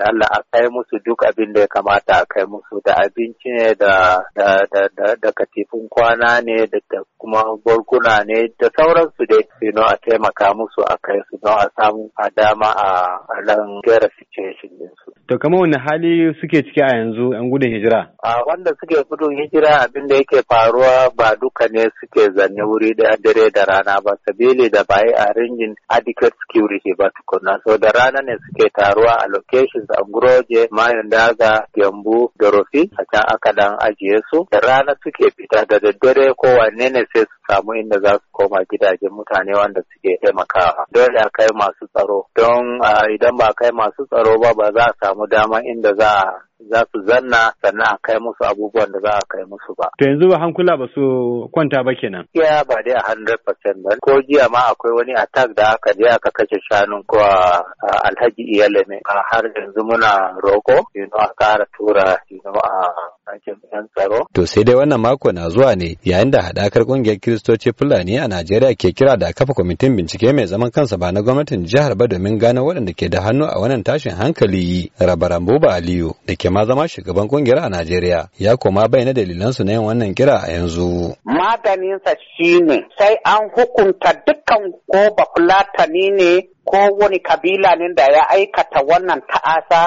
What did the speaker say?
da Allah a kai musu duk abin da ya kamata a kai musu da abinci ne da da da da katifin kwana ne da kuma barguna ne da sauransu dai su a taimaka musu a kai su don a samu a dama a nan gera situation din su. To kama wani hali suke ciki a yanzu yan gudun hijira? A wanda suke gudun hijira abin da yake faruwa ba duka ne suke zanne wuri da dare da rana ba sabili da bayi a ringin adequate security ba tukuna. So da rana ne suke taruwa a locations Angroje, mayan daga gyambu da rufi a can aka dan ajiye su da rana suke fita da daddare ko wanne ne sai su samu inda za su koma gidajen mutane wanda suke taimakawa dole a kai masu tsaro don idan ba kai masu tsaro ba ba za a samu dama inda za a za su zanna sannan a kai musu abubuwan da za a kai musu ba. To yanzu ba hankula ba su kwanta ba kenan. Iya ba dai a hundred percent ba. Ko jiya ma akwai wani attack da aka je aka kashe shanun ko a Alhaji Iyaleme har yanzu muna roko you a kara tura you a matakin yan tsaro. To sai dai wannan mako na zuwa ne yayin da haɗakar ƙungiyar Kiristoci Fulani a Najeriya ke kira da kafa kwamitin bincike mai zaman kansa ba na gwamnatin jihar ba domin gano waɗanda ke da hannu a wannan tashin hankali rabaran ba Aliyu da ke ma zama shugaban ƙungiyar a Najeriya ya koma bayyana dalilansu na yin wannan kira a yanzu. Maganinsa shine sai an hukunta dukkan ko bafulatani ne ko wani kabila ne da ya aikata wannan ta'asa